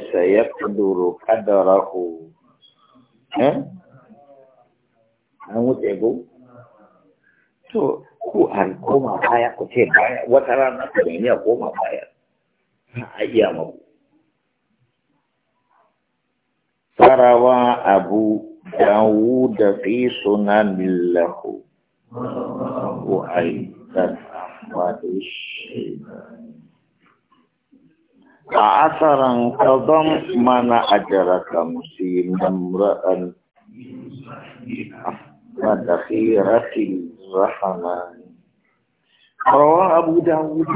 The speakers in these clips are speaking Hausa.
سيقدر قدره ها an wuce go to ku an koma baya ku ce baya wata rana ku ne ya koma baya a iya mabu sarawa abu dawud fi sunan lahu wa aidan amwadu shaytan أثرا تضم من أجرك مسيما امرأ أحمد خيرة الرحمن رواه أبو داود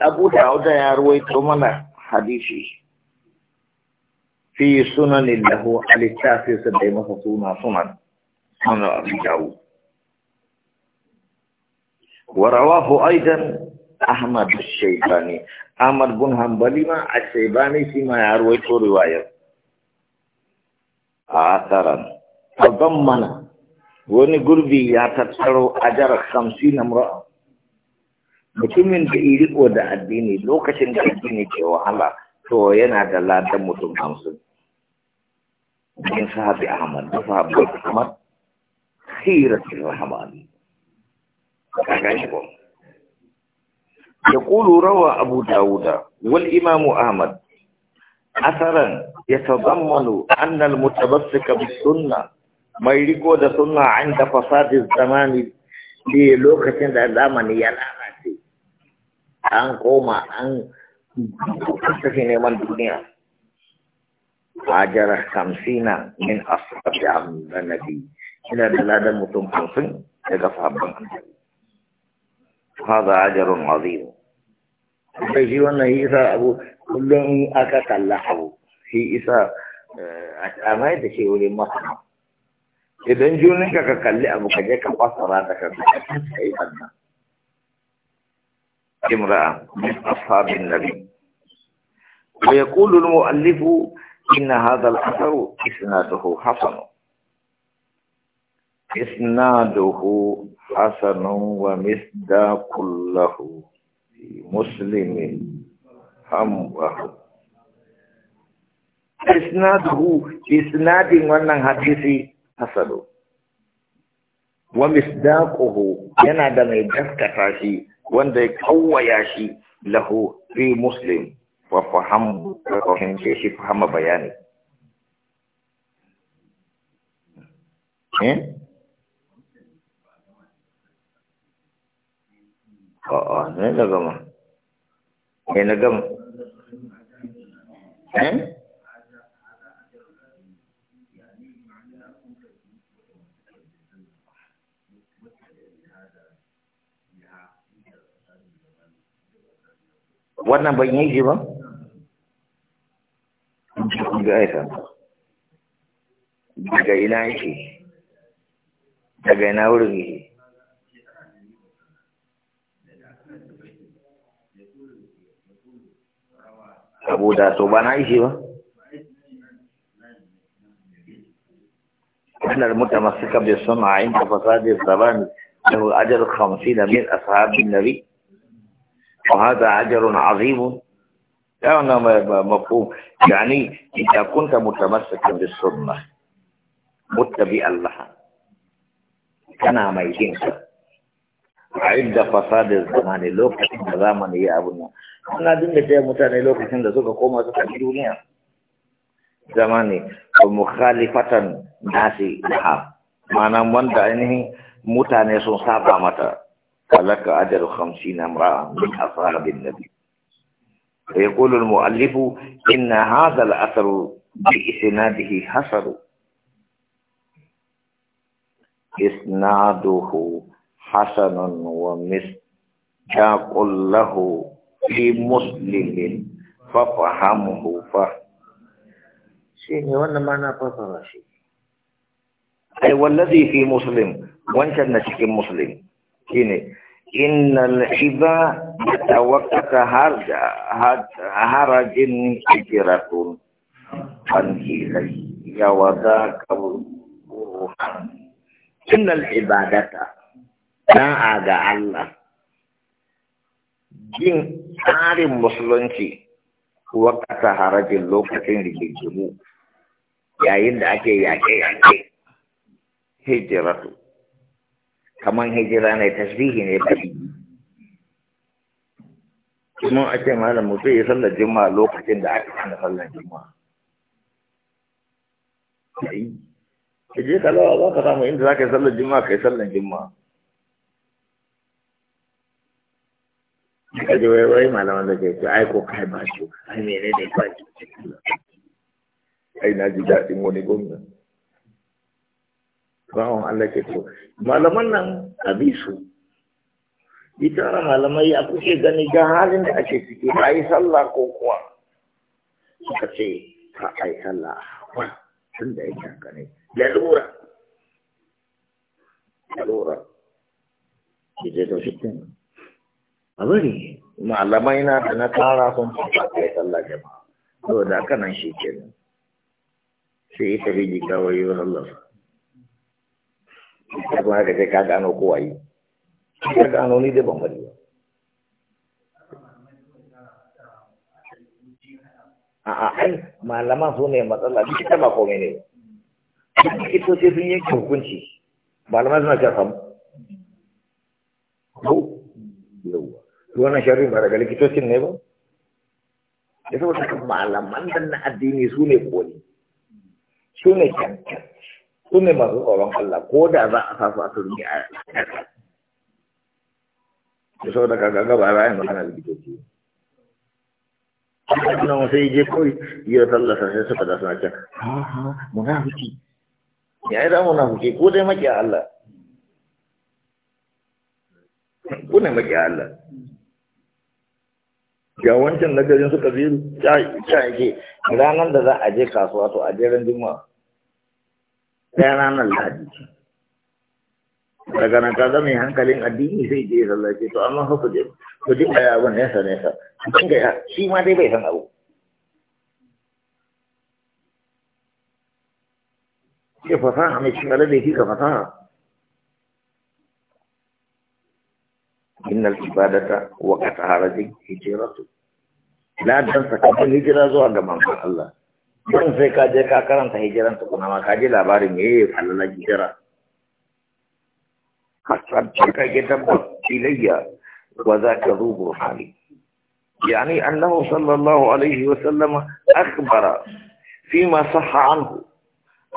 أبو داود يا رويت من حديثي في سنن له على التافي سبعين سنة سنن سنن أبي داود ورواه أيضا Ahmad Shaibani Ahmad bin Hanbali ma a Shaibani shi ma ya ruwaito riwayar a asaran babban mana wani gurbi ya tattaro ajar hamsin na mura'a mutumin da iriko da addini lokacin da addini ke wahala to yana da ladan mutum hamsin min sahabi Ahmad da sahabi Ahmad khiratul rahman kaga shi ko يقول روى أبو داود والإمام أحمد أثرا يتضمن أن المتبسك بالسنة ما يريكو دا سنة عند فساد الزمان في لوكة دا زمان يلاغاتي أن قوما أن تفسك من الدنيا أجرة خمسين من أصحاب عمد النبي إلى دلالة متنفسين هذا أجر عظيم sai shi wannan yi isa abu kullum in aka kalla abu shi isa a tsamai da shi wurin masana idan junin ka ka kalli abu ka je ka fasara da ka kai wannan imra'a min ashabin nabi wa yaqulu al-mu'allif inna hadha al-athar isnaduhu hasan isnaduhu hasan wa misdaqul lahu muslimin hambahu. Isnaduhu, isnadin wannan hadisi hasado. Wa misdaquhu yana da mai gaskata shi wanda ya kawaya shi lahu fi muslim wa fahimce shi fahama bayani. Eh? A'a, ne na gama. Ne na gama. Eh? wannan ban yi shi ba? ga aisa daga ina yake daga ina wurin yake أبو da to ba na yi المتمسك بالسنة عند فساد الزمان له أجر خمسين من أصحاب النبي وهذا أجر عظيم يعني مفهوم يعني إذا كنت متمسكا بالسنة متبئا لها كان ما يدينك a da fasadin zamani lokacin da zamani ya abun nan ana dinga taya mutane lokacin da suka koma suka bi duniya zamani ko mukhalifatan nasi laha mana wanda ainihin mutane sun saba mata kalaka ajaru khamsina imra'a min ashabin nabi ويقول المؤلف إن هذا الأثر بإسناده حسر إسناده ومثل ومصداق له في مسلم ففهمه فهم شيء وانا معنى فصل شيء أي والذي في مسلم وانت نشك مسلم كيني إن الحبا توقت هرج هرج هجرة فانهي لي يا وذاك الروح إن العبادة da'a ga Allah jin tsarin musulunci ƙasa harajin lokacin rigingimu yayin da ake yaƙe-yaƙe hijiratu kamar hijira ne tasbihi ne ba. kuma a ce malam mutum ya sallar jima lokacin da aka kana sallar jima. ka je ka lawa za ka samu inda za ka yi sallar jima ka yi sallar jima. ka ji wai wai malaman da ke ce ai ko kai ba shi ai mene ne kai ai na ji daɗin wani gwamna bawon Allah ke to malaman nan Abisu, bi su ita malamai a kuke gani ga halin da ake ciki a yi sallah ko kuwa suka ce ka a yi sallah a tun da yake haka ne lalura lalura ki je to shi kenan azuri malamai na da na tara sun fata kai sallah jama'a to da kanan shi kenan sai ita bi jika wa yiwu Allah ita kuma ka sai ka gano kowa yi ka gano ni da ban bari ba a'a ai malaman su ne matsala duk ita ba komai ne duk ito sai sun yanke hukunci malaman suna samu Yau, yauwa wannan sharrin ba daga likitocin ne ba da saboda malaman nan na addini su ne koli su ne cancan su ne masu tsoron Allah ko da za a sa su a turmi a ƙasa da saboda kaga gaba bayan magana likitoci nan sai je kawai ya tallata sai suka da suna can ha ha munafiki ya yi da munafiki ko dai maƙiya Allah ko ne maƙiya Allah ga wancan na garin suka biyu ta yake ranar da za a je kasuwa to a jeren juma'a ɗaya ranar lahadi daga nan kaza mai hankalin addini sai je sallace to amma haka je to duk ɗaya abun nesa nesa kin ga shi ma dai bai san abu ke fasaha mai cin fi ka fasaha إن العبادة وقتها رجل هجرة لا تنسى كمان هجرة زوا جماعة الله من sai ka je ka تكون أما tukuna ma ka ji labarin me ya fallala hijira hasar ka ke يعني أنه صلى الله عليه وسلم أخبر فيما صح عنه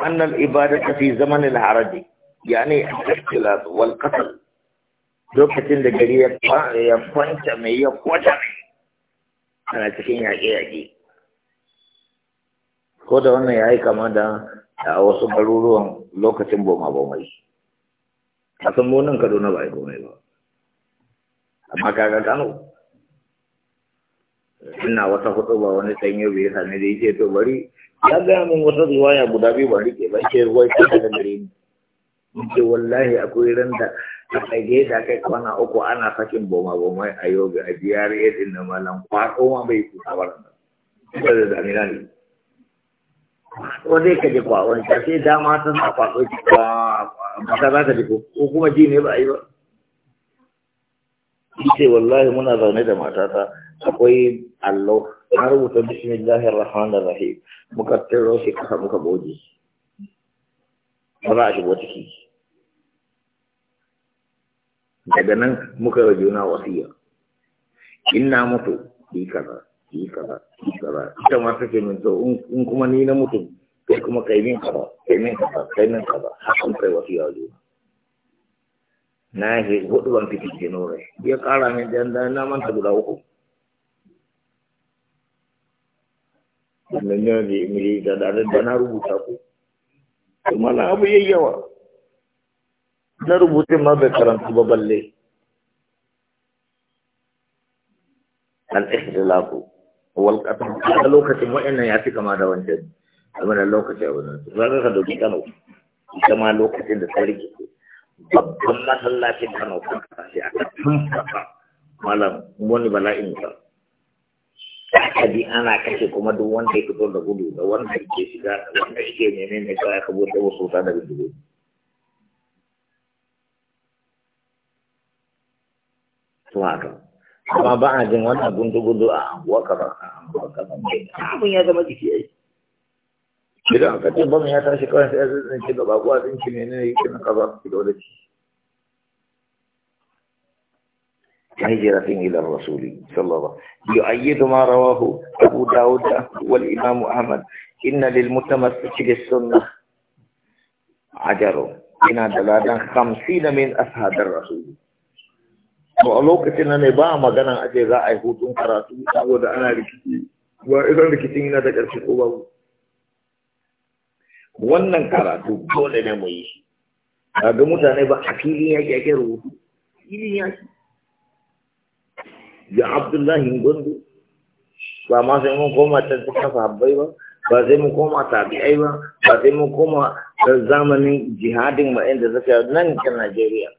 أن الإبادة في زمن الحرج يعني الاختلاط والقتل lokacin da gari ya kwanta mai ya kwata mai ana cikin yaƙe-yaƙe ko da wannan ya yi kama da a wasu garuruwan lokacin boma bomai a san munin kaduna ba yi bomai ba amma kaga kano ina wata hudu ba wani sanyo bai yi sami da yake to bari ya gaya min wata ya guda biyu ba rike ba ke ruwai ta daga gari ne. ce wallahi akwai ran da a ɗage da kai kwana uku ana sakin boma boma a yau ga a ya ɗin da malam kwaɗo ma bai kusa ba da da damina ne Ko zai ka ji kwaɗon ta sai dama ta a kwaɗo ki ba mata za ka ji ko kuma ji ne ba a yi ba ce wallahi muna zaune da matata akwai allo na rubuta bismillahir rahmanir rahim muka tiro shi kasa muka boje ba za a shigo ciki daga nan muka yi juna wasiya in na mutu yi kaza yi kaza yi kaza ita ma take min to in kuma ni na mutu ko kuma kai min kaza kai min kaza kai min kaza hakan kai wasiya wa juna na yi hudu ban fitin rai. ya kara min dan dan na manta guda uku sannan yau da da na rubuta ku kuma na abu yayyawa na rubutun ma bai karanta ba balle al-ihdilaku wal qatl a lokacin wa'annan ya fi kama da wancan amma da lokaci a wannan za ka ka dauki Kano ita lokacin da ta rike babban masallacin Kano kan kasashe aka tumfaka malam wani bala'in ka kadi ana kashe kuma duk wanda ya fito da gudu da wanda yake shiga da wanda yake menene kawai ka bude wasu ta daga dubu to haka amma ba a jin wannan gundu-gundu a anguwa kaza a anguwa kaza abin ya zama jiki ai idan aka ce bam ya tashi kawai sai ya tsinci gaba ko a tsinci ada. ne yake na kaza ki dole ci هجرة إلى الرسول صلى الله عليه وسلم يؤيد ما رواه أبو داود والإمام أحمد إن للمتمسك بالسنة عجر إن دلالا خمسين من أصحاب الرسول to a lokacin na ne ba maganan aje za a yi hutun karatu saboda ana rikici ba idan rikicin yana da ƙarfi ko babu wannan karatu dole ne mu yi shi ga mutane ba a filin yaƙi ake rubutu ya ke ya abdullahi gundu ba ma sai mun koma can cikin sahabbai ba ba sai mun koma tabi'ai ba ba sai mun koma zamanin jihadin ma'in da suka nan ke Najeriya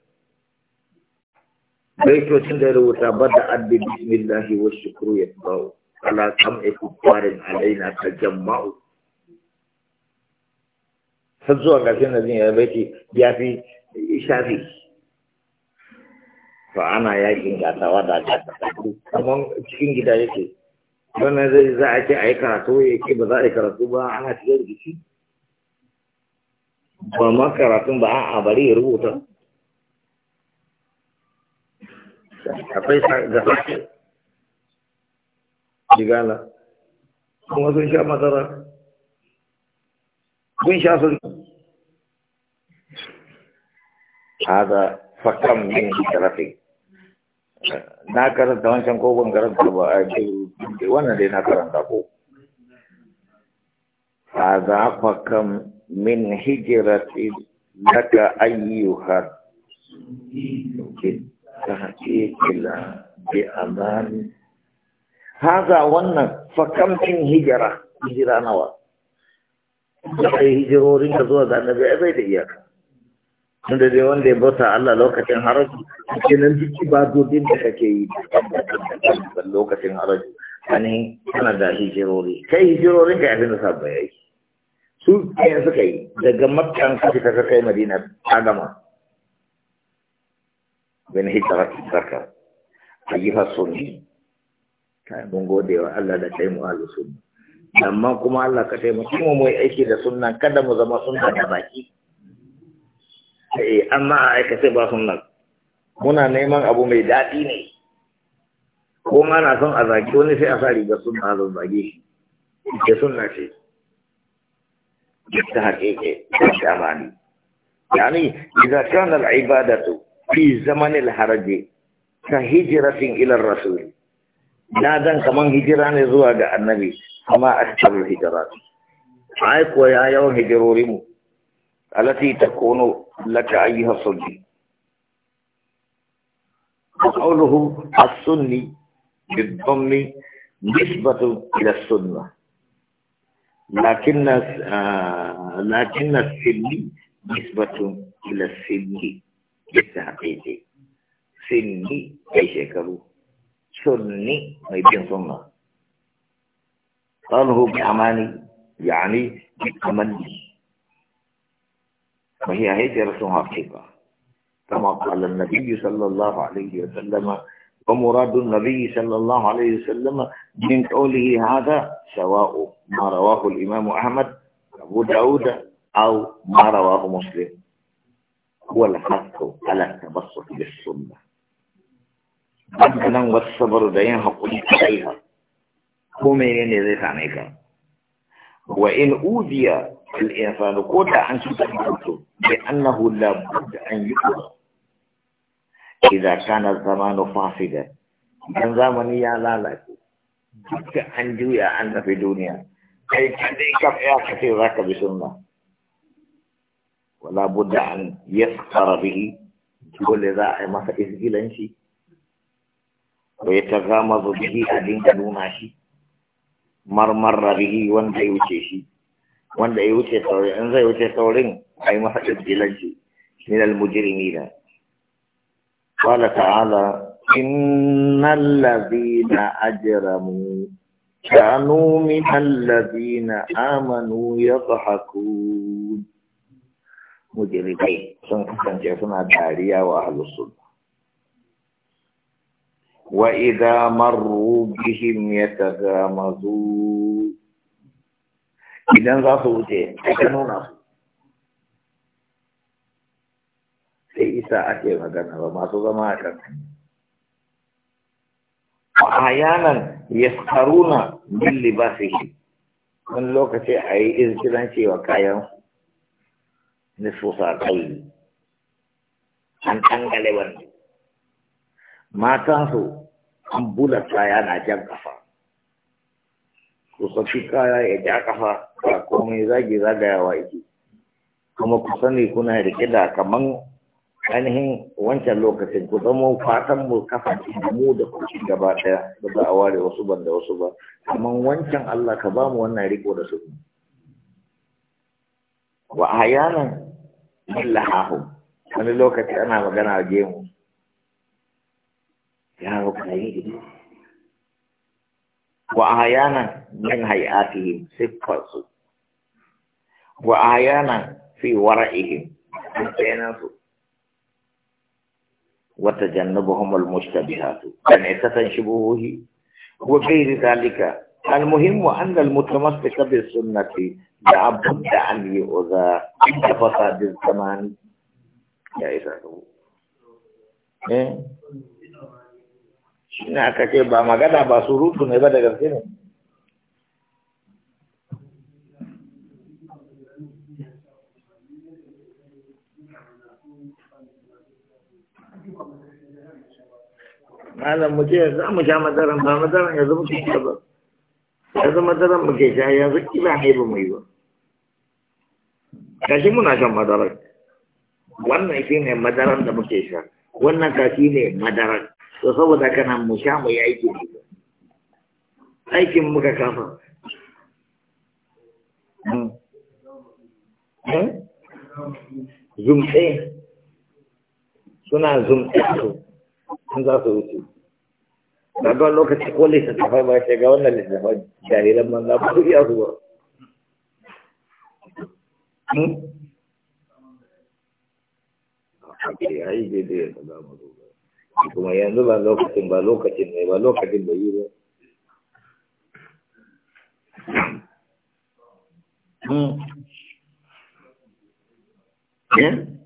baitocin da ya rubuta ba da addi bismillahi wa shukru ya tsawo ala sam'i kuffarin alaina ta jama'u har zuwa ƙarshen da zai ya baiti ya fi shafi fa ana yakin gatawa da gatawa kamar cikin gida yake wannan zai za a ce a yi karatu ya ke ba za a yi karatu ba ana cikin rikici ba ma karatun ba a bari ya rubuta akwai da sake jigala kuma sun sha masara sun sha sun da fakam min sharafi na karanta wancan kogon ban karanta ba a ce wannan dai na karanta ko hada fakam min hijirati laka ayyuha Okay. kila bi aman hada wannan fa hijira, hijira nawa? hijra nawa yi hijirorin ka zuwa zane annabi zai bai da iyaka tunda dai wanda ya bauta Allah lokacin haraji kenan duk ibadodin da kake yi lokacin haraji ani kana da hijirori kai hijirorin ka yafin da yi. su kai suka yi daga makkan ka fita ka kai madina ta gama bin hijrat zaka ayyuka sunni kai mun gode wa Allah da kai mu ahlus sunna amma kuma Allah ka taimaki mu mu aiki da sunna kada mu zama sunna da baki eh amma a sai ba sunna muna neman abu mai daɗi ne ko ma na son a zaki wani sai a sa riga sunna a zazzage shi ke sunna ce ta haƙiƙe ta shamani yani idza kana al-ibadatu fi zamanin haraje ka sin ilar rasuli na zan kaman hijira ne zuwa ga annabi amma a cikin hijira ai ko ya yau hijirori mu alati takunu laka ayha sunni qawluhu as-sunni bid-dhammi nisbatu ila sunnah lakinna ah, lakinna as-sunni nisbatu ila sunni لسه حقيقي سني أي شكله سني ما يبين سنة قاله بأماني يعني بأماني وهي هجرة حقيقة كما قال النبي صلى الله عليه وسلم ومراد النبي صلى الله عليه وسلم من قوله هذا سواء ما رواه الإمام أحمد أبو داود أو ما رواه مسلم هو الحث على التبصر بالسنة مثلا والصبر دين هقول عليها هو منين زي سامعك وإن أوذي الإنسان قد أن لأنه لا بد أن يقرأ إذا كان الزمان فاسدا كان زمني يا لالك جبت عن جوية أنت في الدنيا أي كان ذيك يا كثير ذاك بسنة فلا بد ان يسخر به يقول ذا ما فاذلن شي ويتغامض به ادين دون شي مرمر به وان يوتي شي وان يوتي تور ان زي يوتي تورين اي ما فاذلن شي من المجرمين قال تعالى ان الذين اجرموا كانوا من الذين امنوا يضحكون mujirai sun kasance suna dariya wa alusun wa idza marru bihim yatagamazu idan za su wuce aka nuna su sai isa ake magana ba masu zama a kan ayanan ba su yi wani lokaci a yi izkilanci cewa kayansu نصف قلبي an tangale Matan su an bula kaya na jan kafa tsofaffi kaya ya eh, ja kafa ba komai zagaya wa yake kuma ku sani kuna rike da kaman ainihin wancan lokacin ku zama fatan mu kafa mu da ku gaba daya da ba a ware wasu ban da wasu ba kaman wancan Allah ka ba mu wannan riko da su wa ayanan mallahahu wani lokaci ana magana a gemu yaro karami wa ahyanan min hay'atihim siffarsu wa ahyanan fi wara'ihim bayanansu wa tajannabuhum al-mushtabihat kan itatan shubuhi wa ghayr dhalika المهم أن المتمسك بالسنة لابد أن يؤذى عند فساد الزمان يا إذا نا كتي با ما غدا با سورو تني بدا كتي ما لا مجي زام جام درن درن درن يزم كتي yanzu madarar muke sha yanzu ƙila ne ba mu yi ba kashi muna shan madarar wannan shi ne madarar da muke sha wannan kashi ne madarar to saboda kana mu sha mu yi aikin mu aikin muka kafa hmm. Hmm? zumtse suna zumtse su sun za su wuce daga lokaci ko littattafai ba shiga wannan littattafai jahilan manza ba hmm? ai daidai ya ba ba da yi Hmm. Yeah?